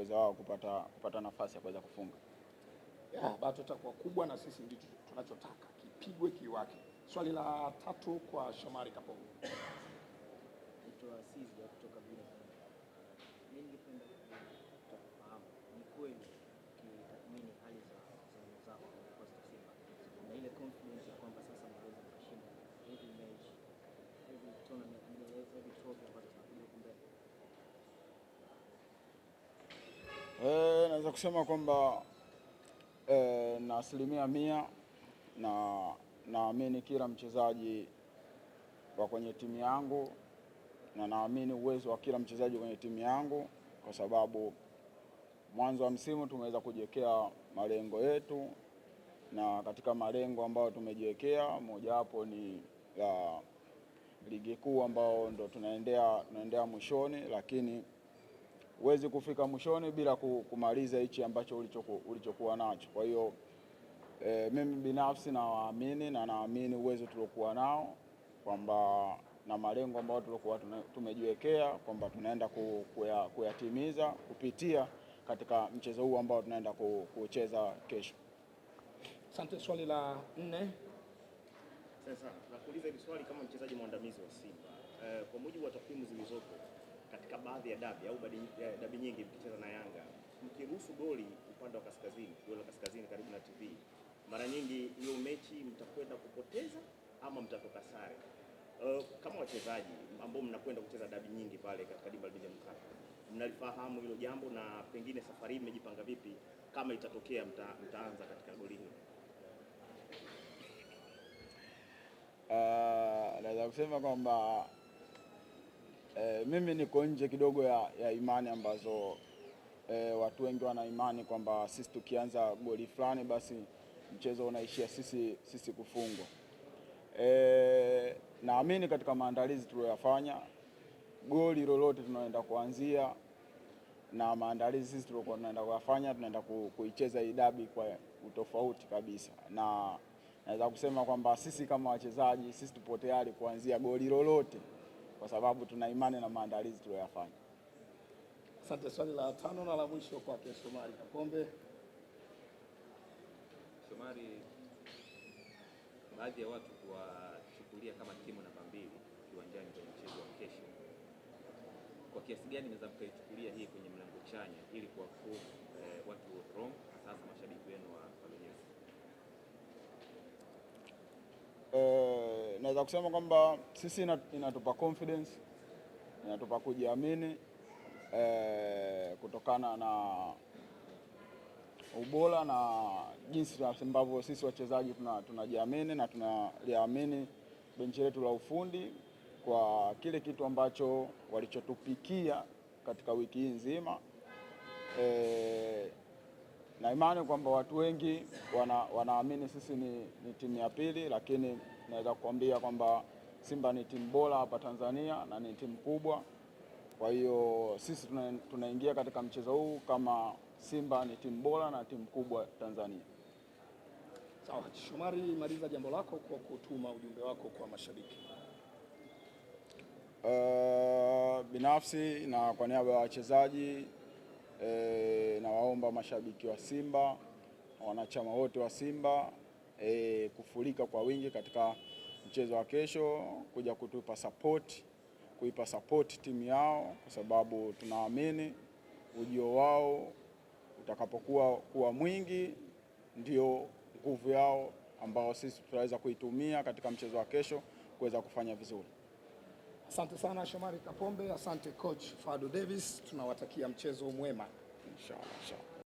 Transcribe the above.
kuweza wao kupata, kupata nafasi ya kuweza kufunga. Yeah, bado itakuwa kubwa na sisi ndicho tunachotaka kipigwe kiwake. Swali la tatu kwa Shomari Kapombe. Naweza kusema kwamba e, na asilimia mia na naamini kila mchezaji wa kwenye timu yangu na naamini uwezo wa kila mchezaji kwenye timu yangu, kwa sababu mwanzo wa msimu tumeweza kujiwekea malengo yetu, na katika malengo ambayo tumejiwekea mojawapo ni la ligi kuu ambao ndo tunaendea tunaendea mwishoni, lakini huwezi kufika mwishoni bila kumaliza hichi ambacho ulichoku, ulichokuwa nacho. Kwa hiyo e, mimi binafsi nawaamini na naamini uwezo tuliokuwa nao kwamba na malengo ambayo tulikuwa tumejiwekea kwamba tunaenda kuyatimiza kuya, kuyatimiza kupitia katika mchezo huu ambao tunaenda kucheza kesho. Asante. Swali la nne. Sasa nakuuliza hili swali kama mchezaji mwandamizi wa Simba, eh, kwa mujibu wa takwimu zilizopo katika baadhi ya dabi au dabi nyingi mkicheza na Yanga mkiruhusu goli upande wa kaskazini, goli la kaskazini karibu na TV, mara nyingi hiyo mechi mtakwenda kupoteza ama mtatoka sare. Uh, kama wachezaji ambao mnakwenda kucheza dabi nyingi pale katika dimba la Benjamin Mkapa, mnalifahamu hilo jambo na pengine safari hii mmejipanga vipi kama itatokea mta, mtaanza katika goli hilo? Uh, naweza kusema kwamba E, mimi niko nje kidogo ya, ya imani ambazo e, watu wengi wana imani kwamba sisi tukianza goli fulani basi mchezo unaishia sisi, sisi kufungwa. E, naamini katika maandalizi tuliyoyafanya goli lolote tunaenda kuanzia na maandalizi sisi tulikuwa tunaenda kuyafanya, tunaenda kuicheza hii dabi kwa utofauti kabisa, na naweza kusema kwamba sisi kama wachezaji sisi tupo tayari kuanzia goli lolote kwa sababu tuna imani na maandalizi tuliyoyafanya. Asante. Swali la tano na la mwisho kwake Shomari Kapombe. Shomari, baadhi ya watu kuwachukulia kama timu namba mbili kiwanjani kwenye mchezo wa kesho, kwa kiasi gani naweza mkaichukulia hii kwenye mlango chanya ili kuwafu eh, watu wrong, hasa mashabiki wenu wa naweza kusema kwamba sisi inatupa confidence, inatupa kujiamini e, kutokana na ubora na jinsi ambavyo sisi wachezaji tunajiamini tuna na tunaliamini benchi letu la ufundi kwa kile kitu ambacho walichotupikia katika wiki hii nzima e, na imani kwamba watu wengi wana, wanaamini sisi ni, ni timu ya pili, lakini naweza kukwambia kwamba Simba ni timu bora hapa Tanzania na ni timu kubwa. Kwa hiyo sisi tuna, tunaingia katika mchezo huu kama Simba ni timu bora na timu kubwa Tanzania. Sawa, Shomari, maliza jambo lako kwa kutuma ujumbe wako kwa mashabiki. Uh, binafsi na kwa niaba ya wachezaji kwa mashabiki wa Simba, wanachama wote wa Simba e, kufurika kwa wingi katika mchezo wa kesho kuja kutupa support, kuipa support timu yao, kwa sababu tunaamini ujio wao utakapokuwa kuwa mwingi ndio nguvu yao ambao sisi tutaweza kuitumia katika mchezo wa kesho kuweza kufanya vizuri. Asante sana Shomari Kapombe, asante coach Fado Davis, tunawatakia mchezo mwema. Inshallah, inshallah.